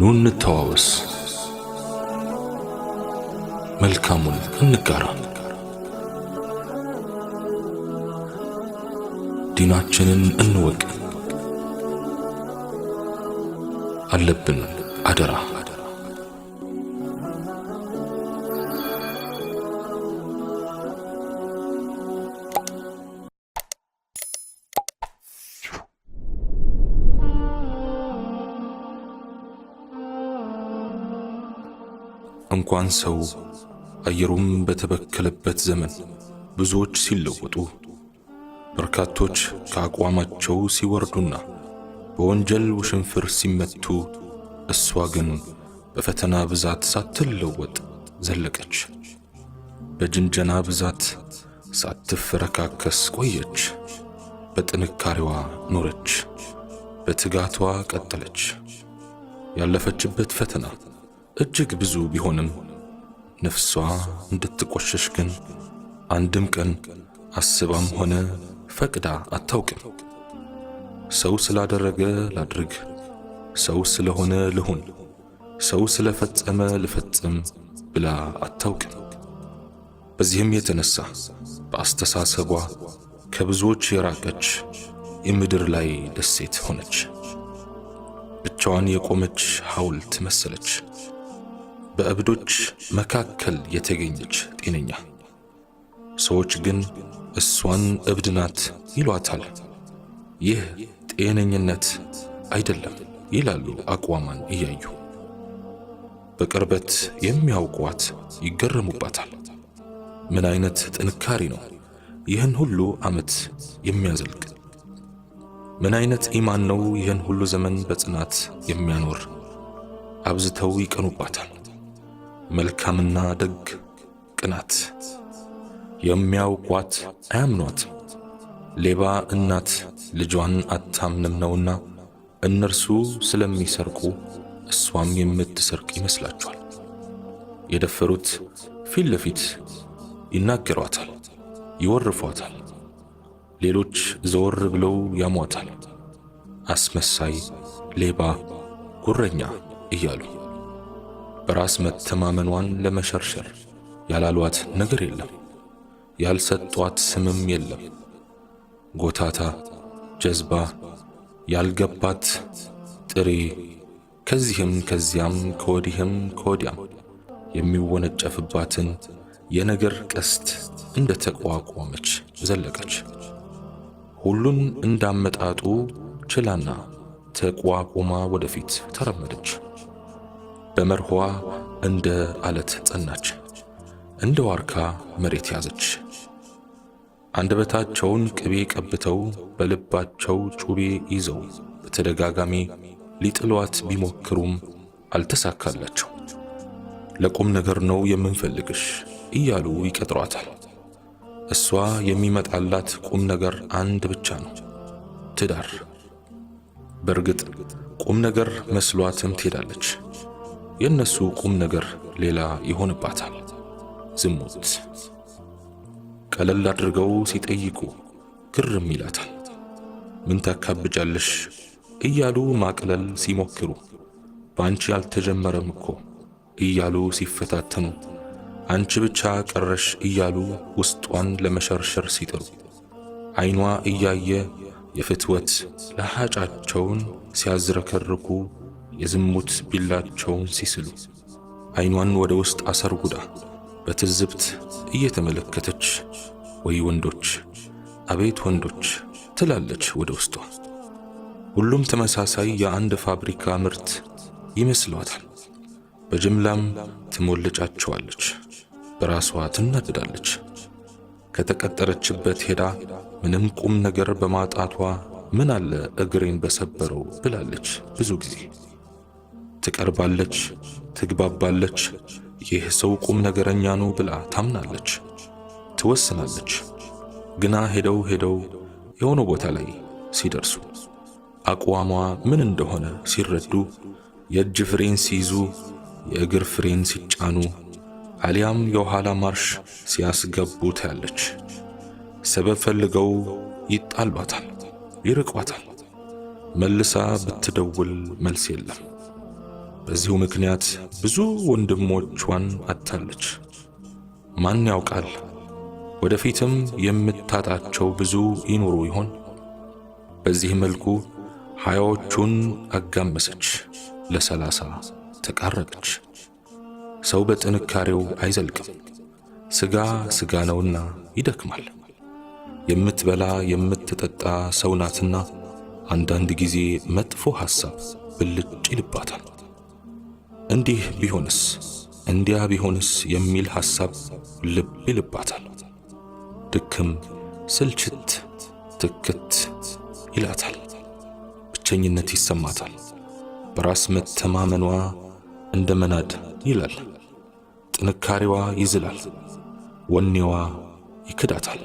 ኑ እንተዋወስ፣ መልካሙን እንጋራ፣ ዲናችንን እንወቅ አለብን አደራ። እንኳን ሰው አየሩም በተበከለበት ዘመን ብዙዎች ሲለወጡ በርካቶች ከአቋማቸው ሲወርዱና በወንጀል ውሽንፍር ሲመቱ እሷ ግን በፈተና ብዛት ሳትለወጥ ዘለቀች። በጅንጀና ብዛት ሳትፈረካከስ ቆየች። በጥንካሬዋ ኖረች፣ በትጋቷ ቀጠለች። ያለፈችበት ፈተና እጅግ ብዙ ቢሆንም ነፍሷ እንድትቆሸሽ ግን አንድም ቀን አስባም ሆነ ፈቅዳ አታውቅም። ሰው ስላደረገ ላድርግ፣ ሰው ስለሆነ ልሁን፣ ሰው ስለፈጸመ ልፈጽም ብላ አታውቅም። በዚህም የተነሳ በአስተሳሰቧ ከብዙዎች የራቀች የምድር ላይ ደሴት ሆነች። ብቻዋን የቆመች ሐውልት መሰለች። በእብዶች መካከል የተገኘች ጤነኛ። ሰዎች ግን እሷን እብድ ናት ይሏታል። ይህ ጤነኝነት አይደለም ይላሉ አቋሟን እያዩ። በቅርበት የሚያውቋት ይገረሙባታል። ምን አይነት ጥንካሬ ነው ይህን ሁሉ ዓመት የሚያዘልቅ? ምን አይነት ኢማን ነው ይህን ሁሉ ዘመን በጽናት የሚያኖር? አብዝተው ይቀኑባታል። መልካምና ደግ ቅናት የሚያውቋት አያምኗት። ሌባ እናት ልጇን አታምንም ነውና እነርሱ ስለሚሰርቁ እሷም የምትሰርቅ ይመስላችኋል። የደፈሩት ፊት ለፊት ይናገሯታል፣ ይወርፏታል። ሌሎች ዘወር ብለው ያሟታል፣ አስመሳይ፣ ሌባ፣ ጉረኛ እያሉ በራስ መተማመኗን ለመሸርሸር ያላሏት ነገር የለም፣ ያልሰጧት ስምም የለም። ጎታታ፣ ጀዝባ፣ ያልገባት ጥሬ፣ ከዚህም ከዚያም ከወዲህም ከወዲያም የሚወነጨፍባትን የነገር ቀስት እንደ ተቋቋመች ዘለቀች። ሁሉን እንዳመጣጡ ችላና ተቋቁማ ወደፊት ተራመደች። በመርሖዋ እንደ አለት ጸናች፣ እንደ ዋርካ መሬት ያዘች። አንደበታቸውን ቅቤ ቀብተው በልባቸው ጩቤ ይዘው በተደጋጋሚ ሊጥሏት ቢሞክሩም አልተሳካላቸው። ለቁም ነገር ነው የምንፈልግሽ እያሉ ይቀጥሯታል። እሷ የሚመጣላት ቁም ነገር አንድ ብቻ ነው፣ ትዳር። በእርግጥ ቁም ነገር መስሏትም ትሄዳለች። የእነሱ ቁም ነገር ሌላ ይሆንባታል። ዝሙት ቀለል አድርገው ሲጠይቁ ግርም ይላታል። ምን ታካብጃለሽ እያሉ ማቅለል ሲሞክሩ በአንቺ አልተጀመረም እኮ እያሉ ሲፈታተኑ አንቺ ብቻ ቀረሽ እያሉ ውስጧን ለመሸርሸር ሲጥሩ አይኗ እያየ የፍትወት ለሃጫቸውን ሲያዝረከርኩ የዝሙት ቢላቸውን ሲስሉ አይኗን ወደ ውስጥ አሰርጉዳ በትዝብት እየተመለከተች ወይ ወንዶች አቤት ወንዶች ትላለች ወደ ውስጧ። ሁሉም ተመሳሳይ የአንድ ፋብሪካ ምርት ይመስሏታል። በጅምላም ትሞልጫቸዋለች። በራሷ ትናደዳለች። ከተቀጠረችበት ሄዳ ምንም ቁም ነገር በማጣቷ ምን አለ እግሬን በሰበረው ብላለች ብዙ ጊዜ። ትቀርባለች፣ ትግባባለች። ይህ ሰው ቁም ነገረኛ ነው ብላ ታምናለች፣ ትወስናለች። ግና ሄደው ሄደው የሆነ ቦታ ላይ ሲደርሱ አቋሟ ምን እንደሆነ ሲረዱ የእጅ ፍሬን ሲይዙ፣ የእግር ፍሬን ሲጫኑ አሊያም የኋላ ማርሽ ሲያስገቡ ታያለች። ሰበብ ፈልገው ይጣሏታል፣ ይርቋታል። መልሳ ብትደውል መልስ የለም። በዚሁ ምክንያት ብዙ ወንድሞቿን አጥታለች። ማን ያውቃል ወደፊትም የምታጣቸው ብዙ ይኖሩ ይሆን? በዚህ መልኩ ሃያዎቹን አጋመሰች፣ ለሰላሳ ተቃረበች። ሰው በጥንካሬው አይዘልቅም፣ ሥጋ ሥጋ ነውና ይደክማል። የምትበላ የምትጠጣ ሰው ናትና አንዳንድ ጊዜ መጥፎ ሐሳብ ብልጭ ይልባታል። እንዲህ ቢሆንስ እንዲያ ቢሆንስ የሚል ሐሳብ ልብ ይልባታል። ድክም ስልችት ትክት ይላታል። ብቸኝነት ይሰማታል። በራስ መተማመኗ እንደ መናድ ይላል። ጥንካሬዋ ይዝላል። ወኔዋ ይክዳታል።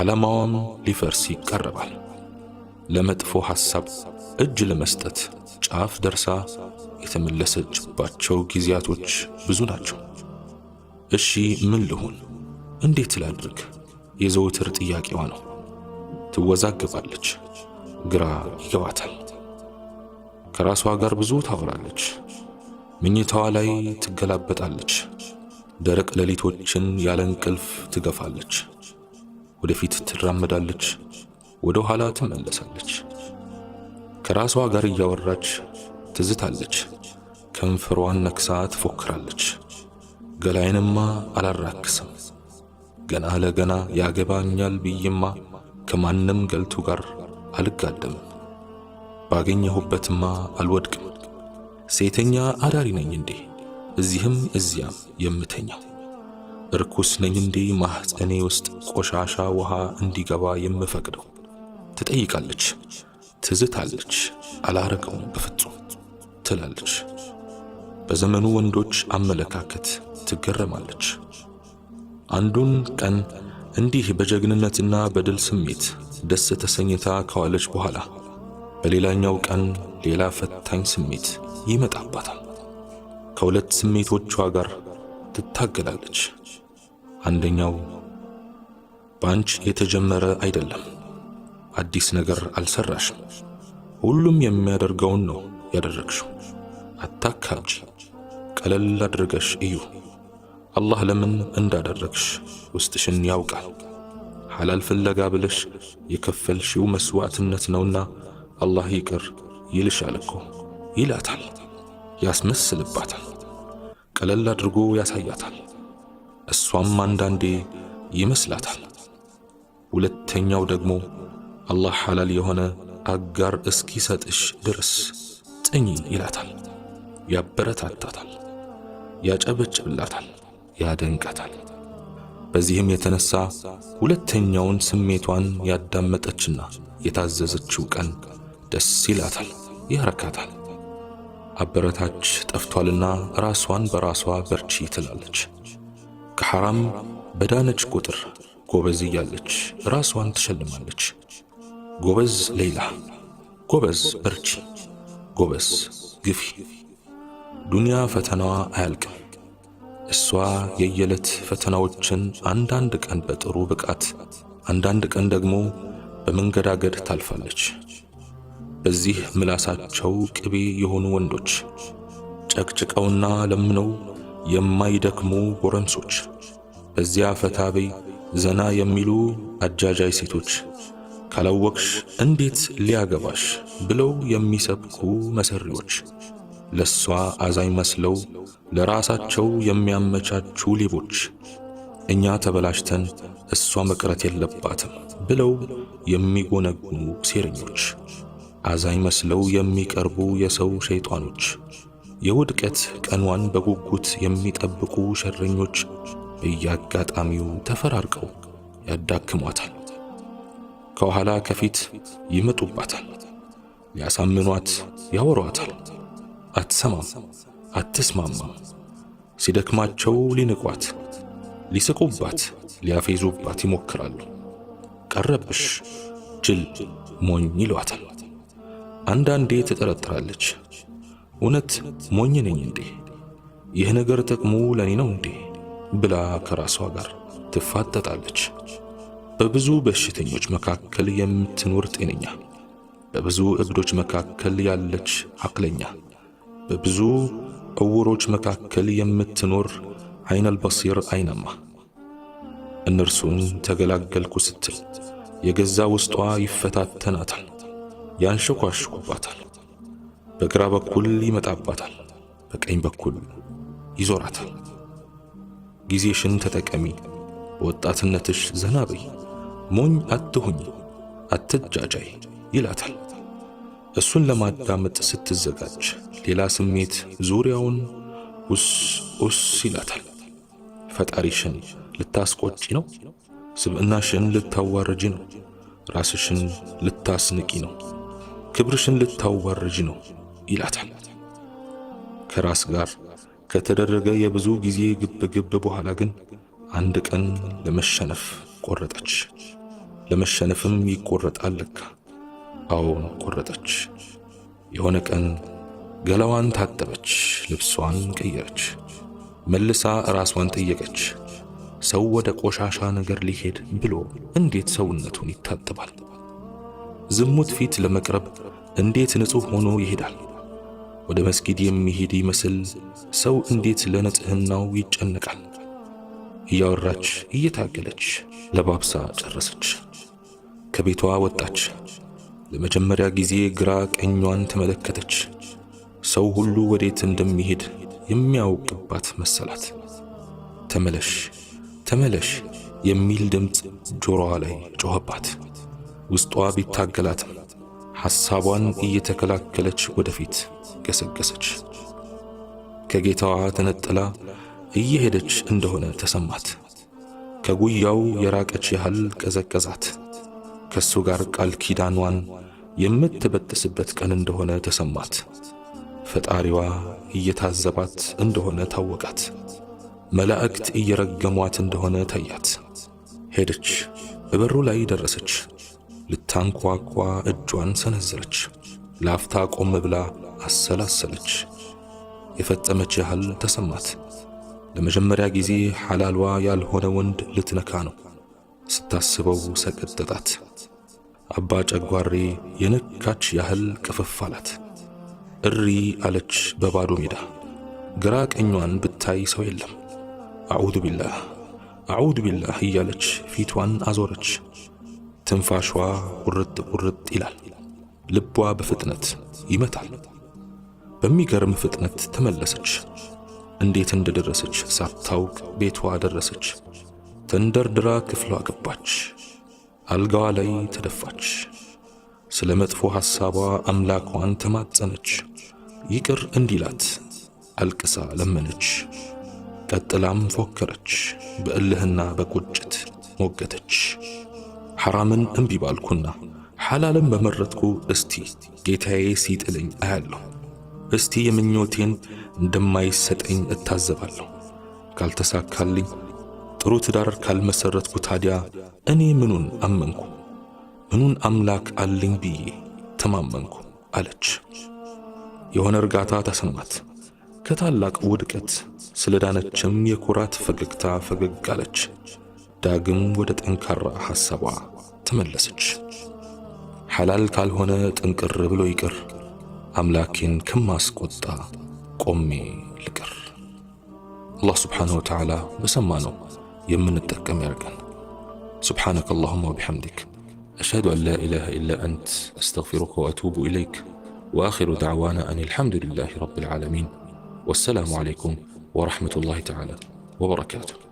ዓላማዋም ሊፈርስ ይቀርባል። ለመጥፎ ሐሳብ እጅ ለመስጠት ጫፍ ደርሳ የተመለሰችባቸው ጊዜያቶች ብዙ ናቸው። እሺ ምን ልሁን፣ እንዴት ላድርግ የዘውትር ጥያቄዋ ነው። ትወዛገባለች፣ ግራ ይገባታል። ከራሷ ጋር ብዙ ታወራለች። ምኝታዋ ላይ ትገላበጣለች። ደረቅ ሌሊቶችን ያለ እንቅልፍ ትገፋለች። ወደፊት ትራመዳለች። ወደ ኋላ ትመለሳለች። ከራሷ ጋር እያወራች ትዝታለች። ከንፈሯን ነክሳ ትፎክራለች። ገላይንማ አላራክስም ገና ለገና ያገባኛል ብዬማ ከማንም ገልቱ ጋር አልጋደምም። ባገኘሁበትማ አልወድቅም። ሴተኛ አዳሪ ነኝ እንዴ እዚህም እዚያም የምተኛው? እርኩስ ነኝ እንዴ ማኅፀኔ ውስጥ ቆሻሻ ውሃ እንዲገባ የምፈቅደው? ትጠይቃለች፣ ትዝታለች። አላረገውም በፍጹም ትላለች። በዘመኑ ወንዶች አመለካከት ትገረማለች። አንዱን ቀን እንዲህ በጀግንነትና በድል ስሜት ደስ ተሰኝታ ከዋለች በኋላ በሌላኛው ቀን ሌላ ፈታኝ ስሜት ይመጣባታል። ከሁለት ስሜቶቿ ጋር ትታገላለች። አንደኛው በአንቺ የተጀመረ አይደለም አዲስ ነገር አልሰራሽም። ሁሉም የሚያደርገውን ነው ያደረግሽው። አታካብጂ፣ ቀለል አድርገሽ እዩ። አላህ ለምን እንዳደረግሽ ውስጥሽን ያውቃል። ሐላል ፍለጋ ብለሽ የከፈልሽው መስዋዕትነት ነውና አላህ ይቅር ይልሻል እኮ ይላታል። ያስመስልባታል፣ ቀለል አድርጎ ያሳያታል። እሷም አንዳንዴ ይመስላታል፣ ሁለተኛው ደግሞ አላህ ሐላል የሆነ አጋር እስኪሰጥሽ ድረስ ጥኝ ይላታል። ያበረታታታል፣ ያጨበጭብላታል፣ ያደንቃታል። በዚህም የተነሳ ሁለተኛውን ስሜቷን ያዳመጠችና የታዘዘችው ቀን ደስ ይላታል፣ ያረካታል። አበረታች ጠፍቷልና ራሷን በራሷ በርቺ ትላለች። ከሐራም በዳነች ቁጥር ጎበዝ እያለች ራሷን ትሸልማለች። ጎበዝ ሌላ ጎበዝ በርቺ፣ ጎበዝ ግፊ። ዱንያ ፈተናዋ አያልቅም። እሷ የየዕለት ፈተናዎችን አንዳንድ ቀን በጥሩ ብቃት፣ አንዳንድ ቀን ደግሞ በመንገዳገድ ታልፋለች። በዚህ ምላሳቸው ቅቤ የሆኑ ወንዶች፣ ጨቅጭቀውና ለምነው የማይደክሙ ጎረምሶች፣ በዚያ ፈታበይ ዘና የሚሉ አጃጃይ ሴቶች ካላወቅሽ እንዴት ሊያገባሽ ብለው የሚሰብኩ መሰሪዎች ለሷ አዛኝ መስለው ለራሳቸው የሚያመቻቹ ሌቦች እኛ ተበላሽተን እሷ መቅረት የለባትም ብለው የሚጎነጉኑ ሴረኞች አዛኝ መስለው የሚቀርቡ የሰው ሸይጣኖች የውድቀት ቀኗን በጉጉት የሚጠብቁ ሸረኞች በየአጋጣሚው ተፈራርቀው ያዳክሟታል። ከኋላ ከፊት ይመጡባታል። ሊያሳምኗት ያወሯታል። አትሰማም፣ አትስማማም። ሲደክማቸው ሊንቋት፣ ሊስቁባት፣ ሊያፌዙባት ይሞክራሉ። ቀረብሽ ጅል፣ ሞኝ ይሏታል። አንዳንዴ ትጠረጥራለች። እውነት ሞኝ ነኝ እንዴ? ይህ ነገር ጥቅሙ ለእኔ ነው እንዴ? ብላ ከራሷ ጋር ትፋጠጣለች። በብዙ በሽተኞች መካከል የምትኖር ጤነኛ፣ በብዙ እብዶች መካከል ያለች አቅለኛ፣ በብዙ ዕውሮች መካከል የምትኖር ዐይነል በሲር ዐይናማ እነርሱን ተገላገልኩ ስትል የገዛ ውስጧ ይፈታተናታል፣ ያንሸኳሽኩባታል፣ በግራ በኩል ይመጣባታል፣ በቀኝ በኩል ይዞራታል። ጊዜሽን ተጠቀሚ ወጣትነትሽ ዘና በይ፣ ሞኝ አትሁኝ፣ አትጃጃይ ይላታል። እሱን ለማዳመጥ ስትዘጋጅ ሌላ ስሜት ዙሪያውን ውስ ውስ ይላታል። ፈጣሪሽን ልታስቆጪ ነው። ስብዕናሽን ልታዋረጂ ነው። ራስሽን ልታስንቂ ነው። ክብርሽን ልታዋረጂ ነው ይላታል። ከራስ ጋር ከተደረገ የብዙ ጊዜ ግብግብ በኋላ ግን አንድ ቀን ለመሸነፍ ቆረጠች። ለመሸነፍም ይቆረጣል ለካ። አዎን ቆረጠች። የሆነ ቀን ገላዋን ታጠበች፣ ልብሷን ቀየረች፣ መልሳ ራሷን ጠየቀች። ሰው ወደ ቆሻሻ ነገር ሊሄድ ብሎ እንዴት ሰውነቱን ይታጠባል? ዝሙት ፊት ለመቅረብ እንዴት ንጹሕ ሆኖ ይሄዳል? ወደ መስጊድ የሚሄድ ይመስል ሰው እንዴት ለንጽህናው ይጨነቃል? እያወራች እየታገለች ለባብሳ ጨረሰች። ከቤቷ ወጣች። ለመጀመሪያ ጊዜ ግራ ቀኟን ተመለከተች። ሰው ሁሉ ወዴት እንደሚሄድ የሚያውቅባት መሰላት። ተመለሽ ተመለሽ የሚል ድምፅ ጆሮዋ ላይ ጮኸባት። ውስጧ ቢታገላትም ሐሳቧን እየተከላከለች ወደፊት ገሰገሰች። ከጌታዋ ተነጥላ እየሄደች እንደሆነ ተሰማት። ከጉያው የራቀች ያህል ቀዘቀዛት። ከሱ ጋር ቃል ኪዳኗን የምትበጥስበት ቀን እንደሆነ ተሰማት። ፈጣሪዋ እየታዘባት እንደሆነ ታወቃት። መላእክት እየረገሟት እንደሆነ ታያት። ሄደች፣ በበሩ ላይ ደረሰች። ልታንኳኳ እጇን ሰነዘረች። ላፍታ ቆም ብላ አሰላሰለች። የፈጸመች ያህል ተሰማት። ለመጀመሪያ ጊዜ ሐላልዋ ያልሆነ ወንድ ልትነካ ነው። ስታስበው ሰቀጠጣት። አባ ጨጓሬ የነካች ያህል ቅፍፍ አላት። እሪ አለች በባዶ ሜዳ። ግራ ቀኟን ብታይ ሰው የለም። አዑዙ ቢላህ አዑዙ ቢላህ እያለች ፊቷን አዞረች። ትንፋሿ ቁርጥ ቁርጥ ይላል። ልቧ በፍጥነት ይመታል። በሚገርም ፍጥነት ተመለሰች። እንዴት እንደደረሰች ሳታውቅ ቤቷ ደረሰች። ተንደርድራ ክፍሏ ገባች። አልጋዋ ላይ ተደፋች። ስለ መጥፎ ሐሳቧ አምላኳን ተማጸነች። ይቅር እንዲላት አልቅሳ ለመነች። ቀጥላም ፎከረች። በእልህና በቁጭት ሞገተች። ሐራምን እምቢ ባልኩና ሐላልን በመረጥኩ እስቲ ጌታዬ ሲጥለኝ አያለሁ። እስቲ የምኞቴን እንደማይሰጠኝ እታዘባለሁ። ካልተሳካልኝ፣ ጥሩ ትዳር ካልመሠረትኩ ታዲያ እኔ ምኑን አመንኩ? ምኑን አምላክ አለኝ ብዬ ተማመንኩ አለች። የሆነ እርጋታ ተሰማት። ከታላቅ ውድቀት ስለዳነችም የኩራት ፈገግታ ፈገግ አለች። ዳግም ወደ ጠንካራ ሐሳቧ ተመለሰች። ሐላል ካልሆነ ጥንቅር ብሎ ይቅር كما አምላኬን ከማስቆጣ ቆሜ الله سبحانه وتعالى ወተዓላ በሰማነው የምንጠቀም ያርገን። سبحانك اللهم وبحمدك أشهد أن لا إله إلا أنت أستغفرك وأتوب إليك وآخر دعوانا أن الحمد لله رب العالمين والسلام عليكم ورحمة الله تعالى وبركاته